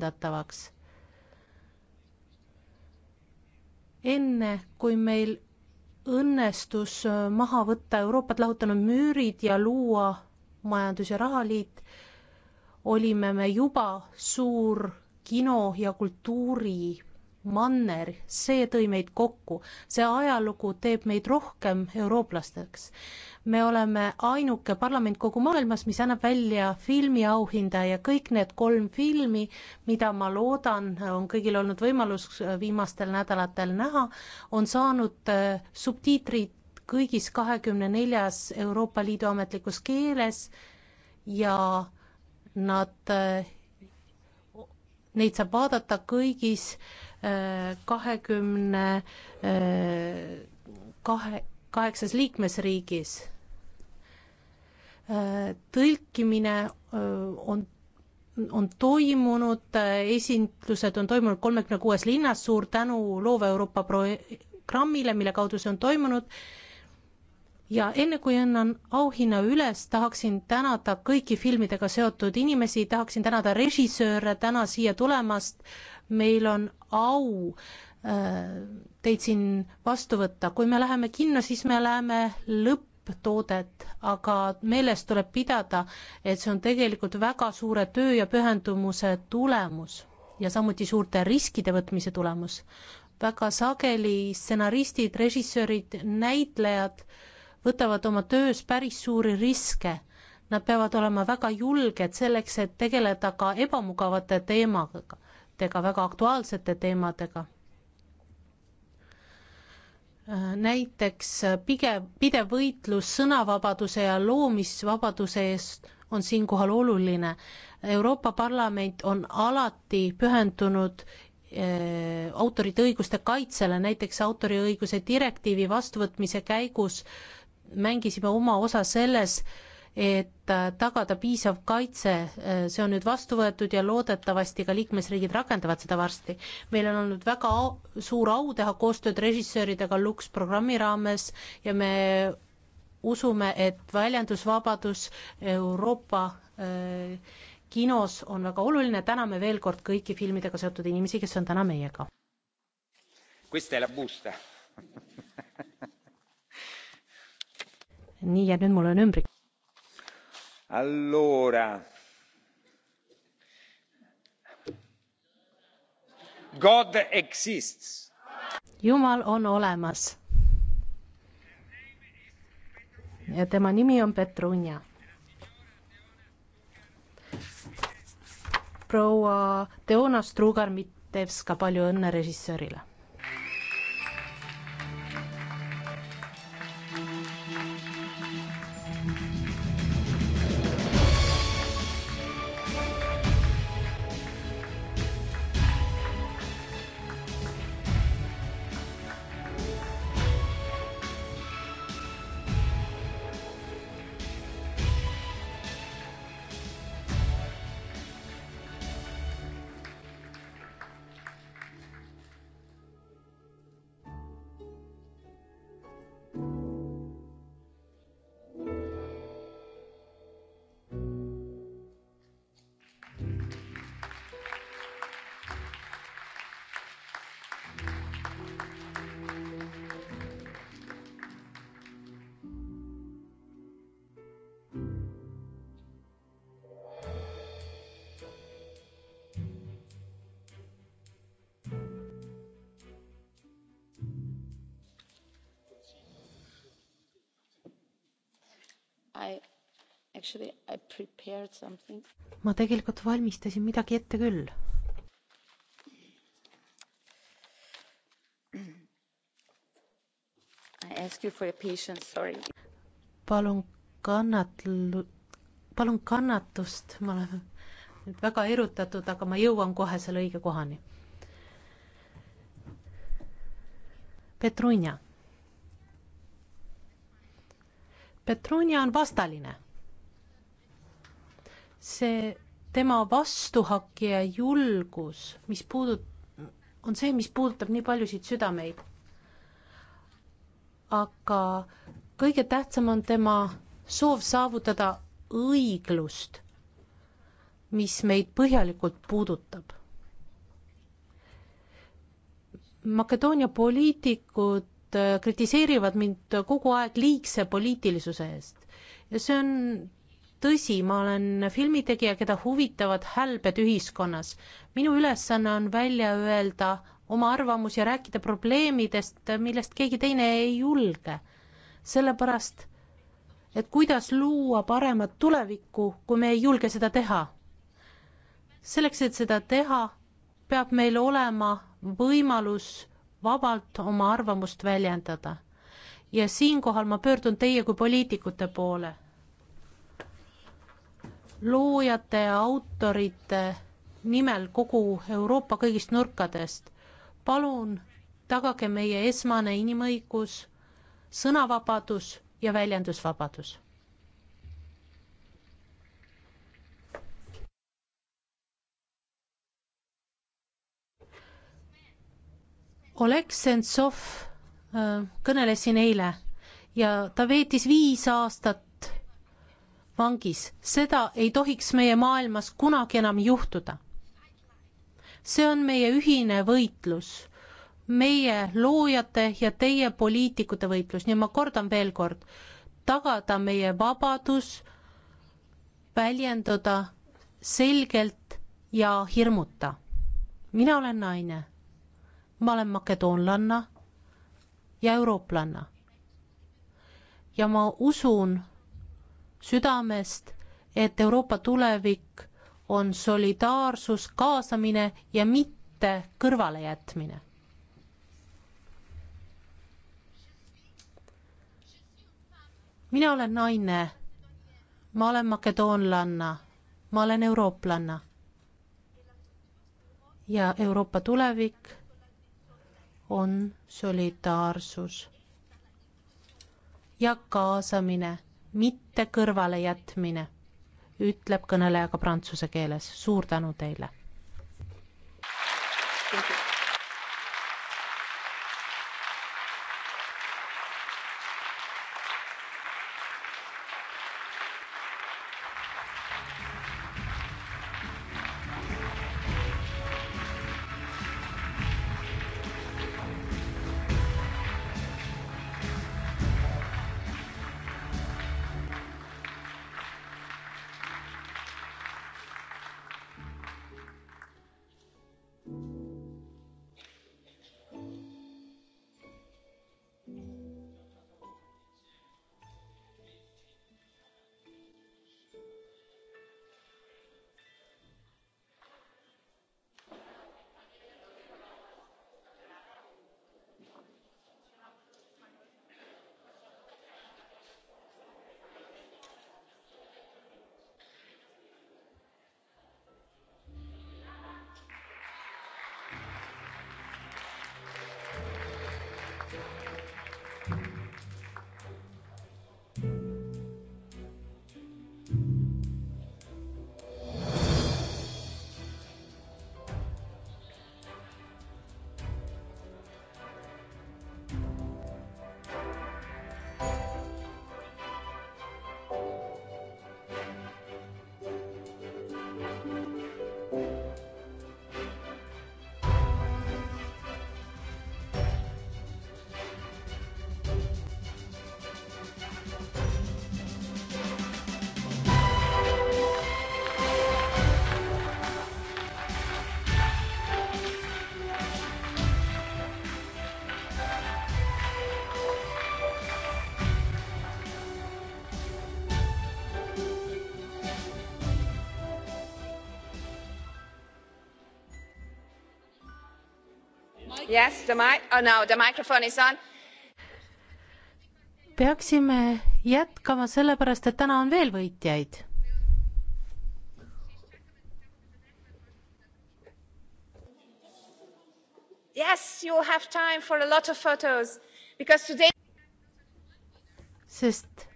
lahendatavaks. enne, kui meil õnnestus maha võtta Euroopat lahutanud müürid ja luua majandus- ja rahaliit, olime me juba suur kino- ja kultuuri manner, see tõi meid kokku, see ajalugu teeb meid rohkem eurooplasteks. me oleme ainuke parlament kogu maailmas, mis annab välja filmiauhinda ja kõik need kolm filmi, mida ma loodan, on kõigil olnud võimalus äh, viimastel nädalatel näha, on saanud äh, subtiitrid kõigis kahekümne neljas Euroopa Liidu ametlikus keeles ja nad äh, Neid saab vaadata kõigis äh, kahekümne eh, kahe, kaheksas liikmesriigis. Eh, tõlkimine eh, on, on toimunud, esindused on toimunud kolmekümne kuues linnas, suur tänu Loova Euroopa programmile, mille kaudu see on toimunud ja enne kui annan auhinna üles, tahaksin tänada kõiki filmidega seotud inimesi, tahaksin tänada režissööre täna siia tulemast meil on au äh, teid siin vastu võtta, kui me läheme kinno, siis me läheme lõpptoodet, aga meeles tuleb pidada, et see on tegelikult väga suure töö ja pühendumuse tulemus ja samuti suurte riskide võtmise tulemus. väga sageli stsenaristid, režissöörid, näitlejad võtavad oma töös päris suuri riske. Nad peavad olema väga julged selleks, et tegeleda ka ebamugavate teemadega teemadega, väga aktuaalsete teemadega. näiteks pigem pidev võitlus sõnavabaduse ja loomisvabaduse eest on siinkohal oluline. Euroopa Parlament on alati pühendunud eh, autorite õiguste kaitsele, näiteks autoriõiguse direktiivi vastuvõtmise käigus mängisime oma osa selles äh,, et äh, tagada piisav kaitse, äh, see on nüüd vastu võetud ja loodetavasti ka liikmesriigid rakendavad seda varsti. meil on olnud väga au, suur au teha koostööd režissööridega Lux programmi raames ja me usume, et väljendusvabadus Euroopa äh, kinos on väga oluline, täname veel kord kõiki filmidega seotud inimesi, kes on täna meiega. nii, ja nüüd mul on ümbrik allora god exists jumal on olemas ja tema nimi on Petrunia proua Teona Strugar-Mitevska palju õnne režissöörile I actually I prepared something. ma tegelikult valmistasin midagi ette küll. I ask you for your patience, sorry. palun kannatlu-, palun kannatust, ma olen nüüd väga erutatud, aga ma jõuan kohe selle õige kohani. Petrunia Petronia on vastaline. see tema vastuhakkija julgus, mis puudut-, on see, mis puudutab nii paljusid südameid. aga kõige tähtsam on tema soov saavutada õiglust, mis meid põhjalikult puudutab. Makedoonia poliitikud Äh, kritiseerivad mind kogu aeg liigse poliitilisuse eest ja see on tõsi, ma olen filmitegija, keda huvitavad hälbed ühiskonnas. minu ülesanne on välja öelda oma arvamus ja rääkida probleemidest, millest keegi teine ei julge. sellepärast, et kuidas luua paremat tulevikku, kui me ei julge seda teha. selleks, et seda teha, peab meil olema võimalus vabalt oma arvamust väljendada. ja siinkohal ma pöördun teie kui poliitikute poole. loojate ja autorite nimel kogu Euroopa kõigist nurkadest, palun tagage meie esmane inimõigus, sõnavabadus ja väljendusvabadus Oleg Sentsov äh, kõneles siin eile ja ta veetis viis aastat vangis. seda ei tohiks meie maailmas kunagi enam juhtuda. see on meie ühine võitlus, meie loojate ja teie poliitikute võitlus, nii ma kordan veel kord, tagada meie vabadus väljenduda selgelt ja hirmuta. mina olen naine ma olen makedoonlanna ja eurooplanna. ja ma usun südamest, et Euroopa tulevik on solidaarsus, kaasamine ja mitte kõrvalejätmine. mina olen naine, ma olen makedoonlanna, ma olen eurooplanna ja Euroopa tulevik on solidaarsus ja kaasamine, mitte kõrvalejätmine, ütleb kõneleja ka prantsuse keeles. suur tänu teile! Yes, the mic, oh no, the microphone is on. peaksime jätkama sellepärast, et täna on veel võitjaid. Yes, you have time for a lot of photos because today. sest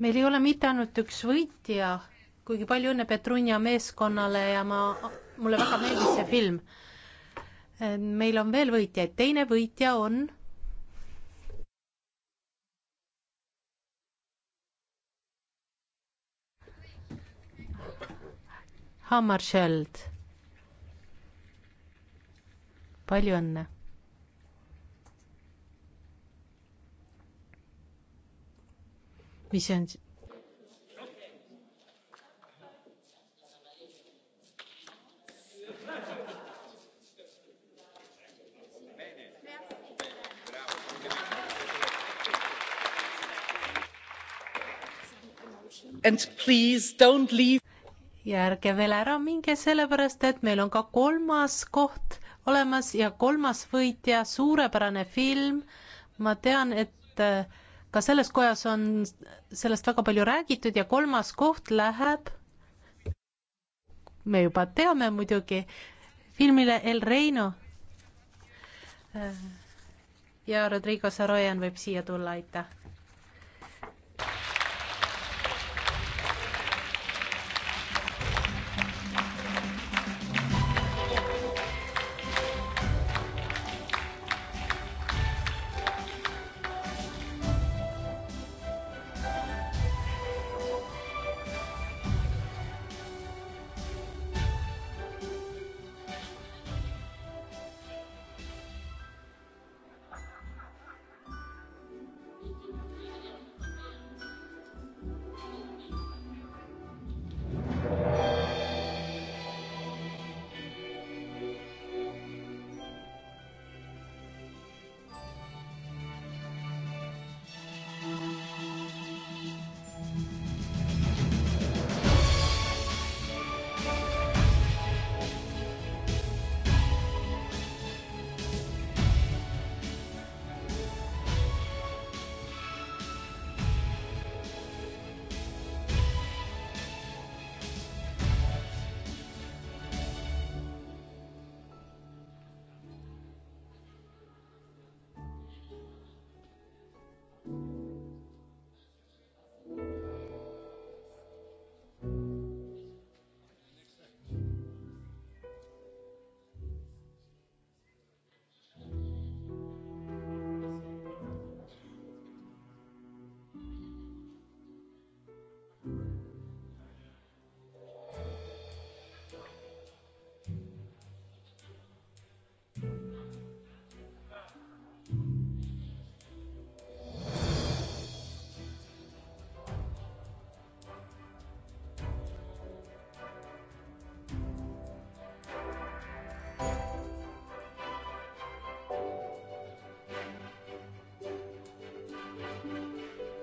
meil ei ole mitte ainult üks võitja, kuigi palju õnne Petrunia meeskonnale ja ma, mulle väga meeldis see film Äh, meil on veel võitjaid, teine võitja on Hammarskjöld. palju õnne. mis see on? and please don't leave. ja ärge veel ära minge, sellepärast et meil on ka kolmas koht olemas ja kolmas võitja, suurepärane film. ma tean, et äh, ka selles kojas on sellest väga palju räägitud ja kolmas koht läheb, me juba teame muidugi, filmile El Reino. Äh, ja Rodrigo Saroyan võib siia tulla, aitäh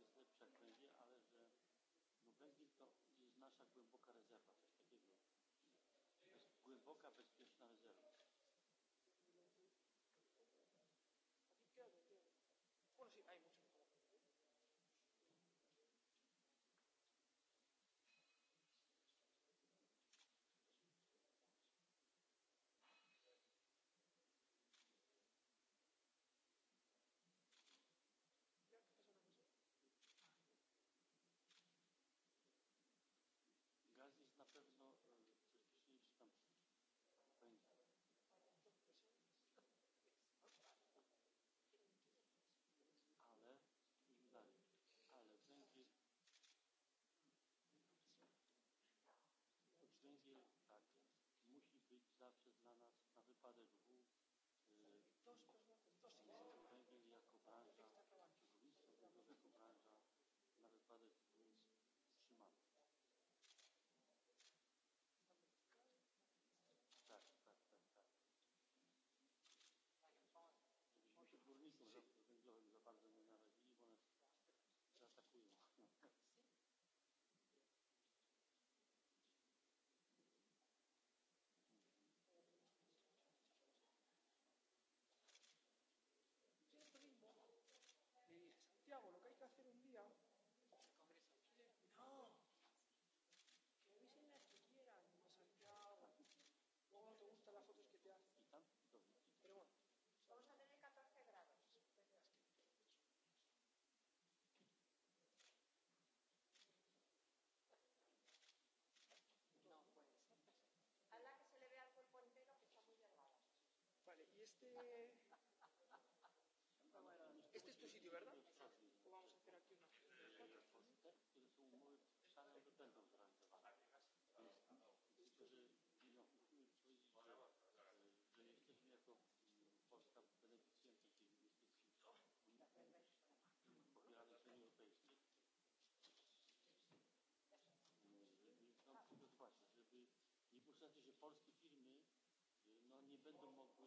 razie źle przeklędzie, ale że no Węgiel to jest nasza głęboka rezerwa, coś takiego. To jest głęboka, bezpieczna rezerwa. Teatud este... Este es tu sitio, ¿verdad? O vamos a hacer aquí una... Polskie firmy no, nie będą mogły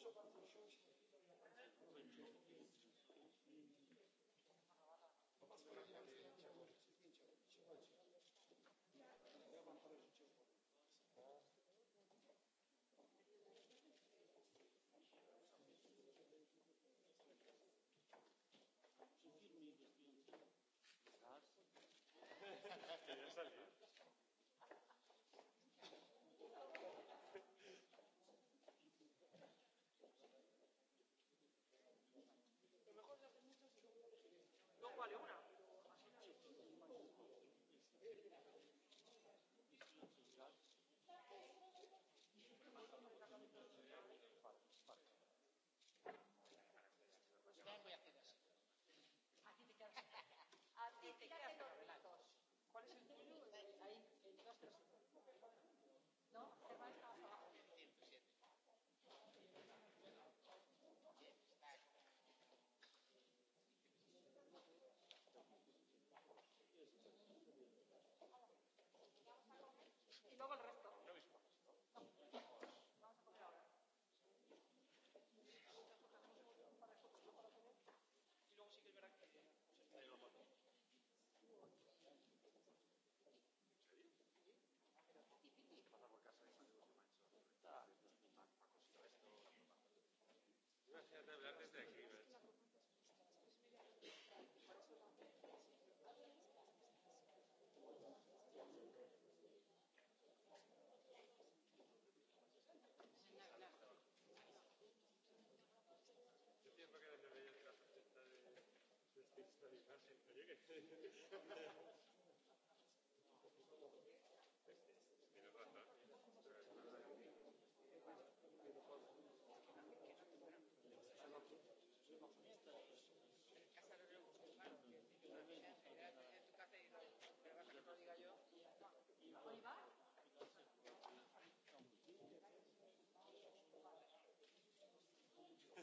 Muszę pan prosić. No capacidad de hablar desde aquí. ¿ves? Yo pienso que desde Bellas Casas está de descristalizarse, pero yo que sé.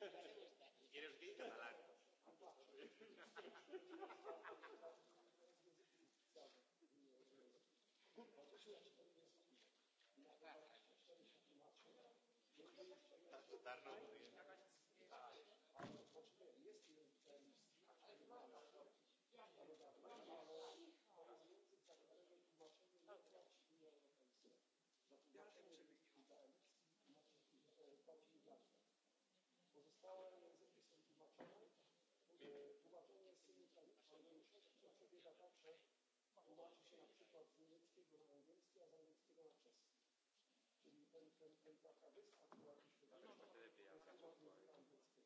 Y quiere usted catalán. Para asustarnos muy bien. Ja, zawsze tłumaczy się na przykład z niemieckiego na angielski, a z angielskiego na czeski. Czyli ten, ten, ten taka wyspa, która się wydarzyła, jest tłumaczona na angielskiego.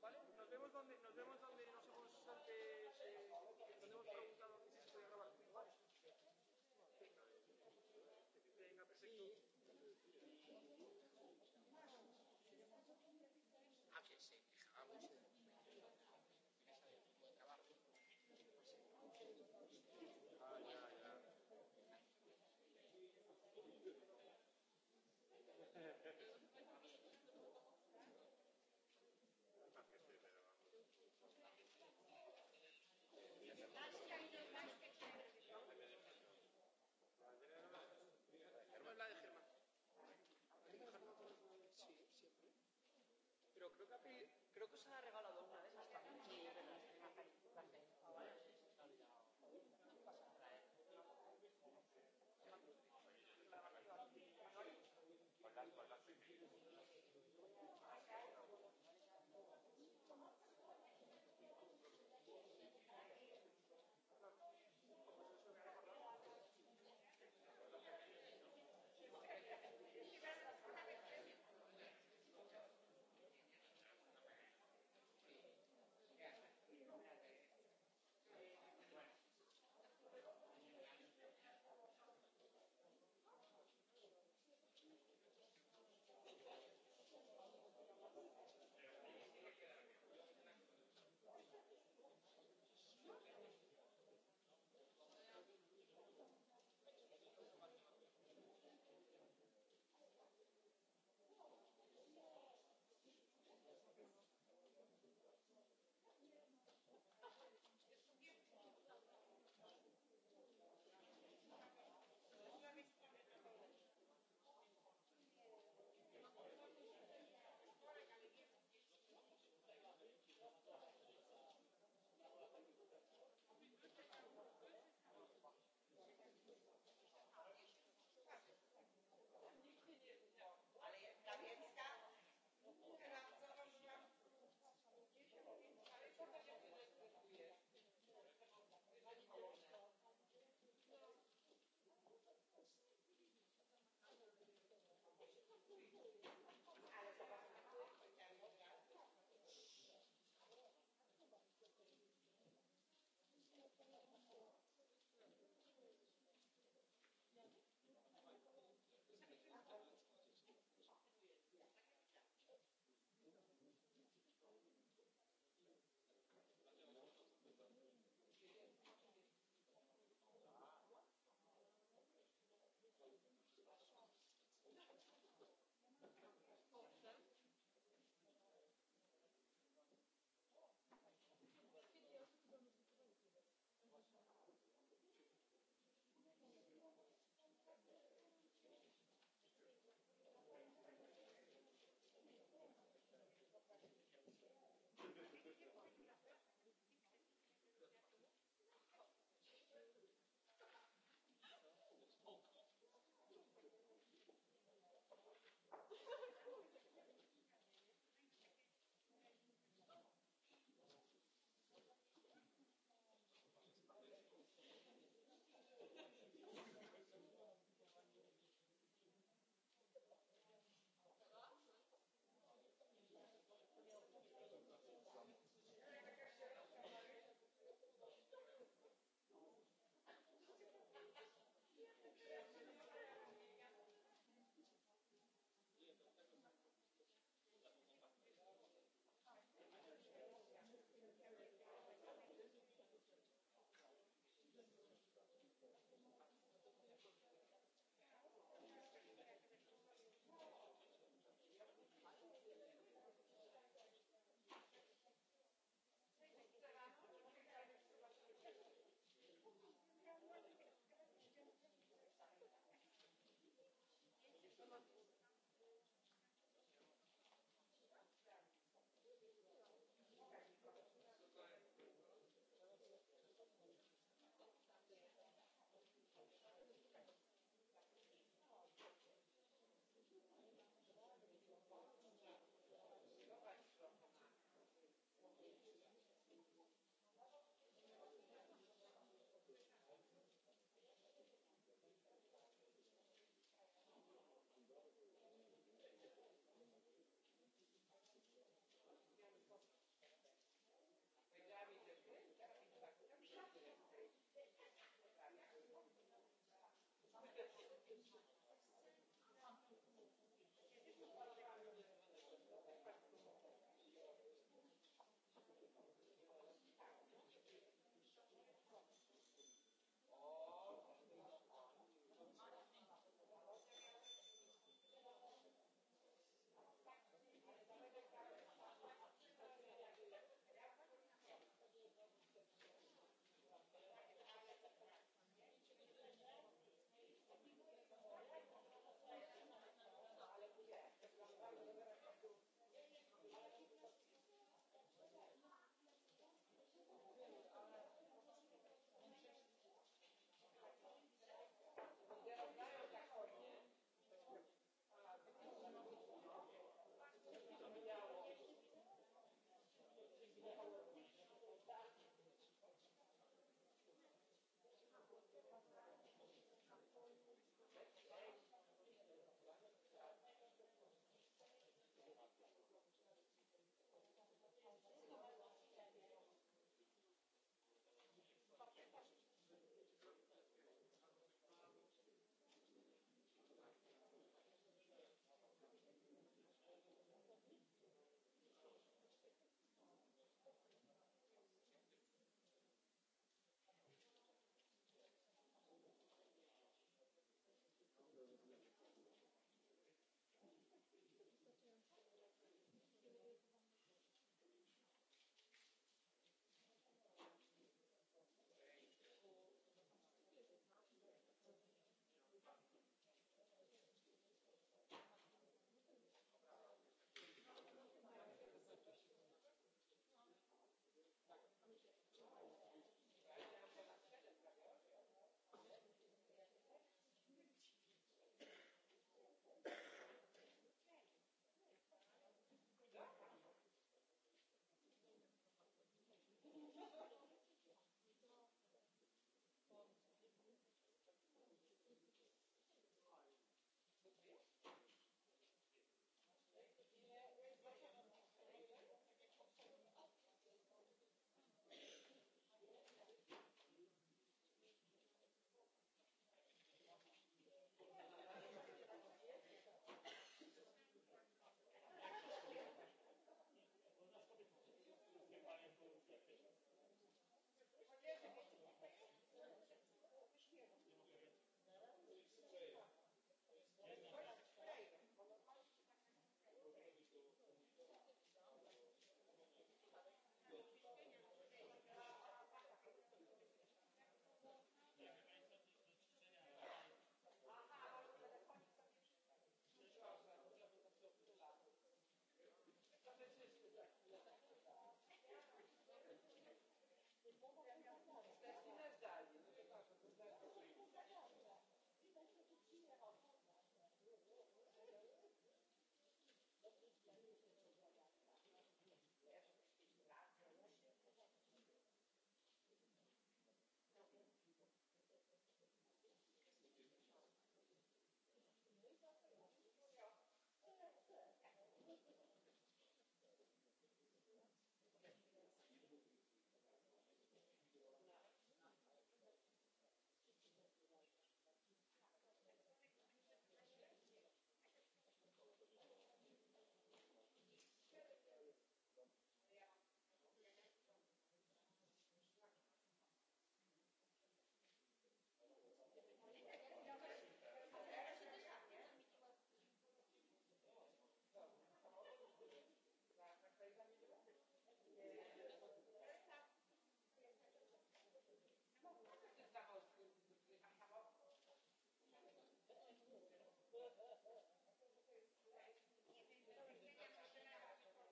¿Cuál es?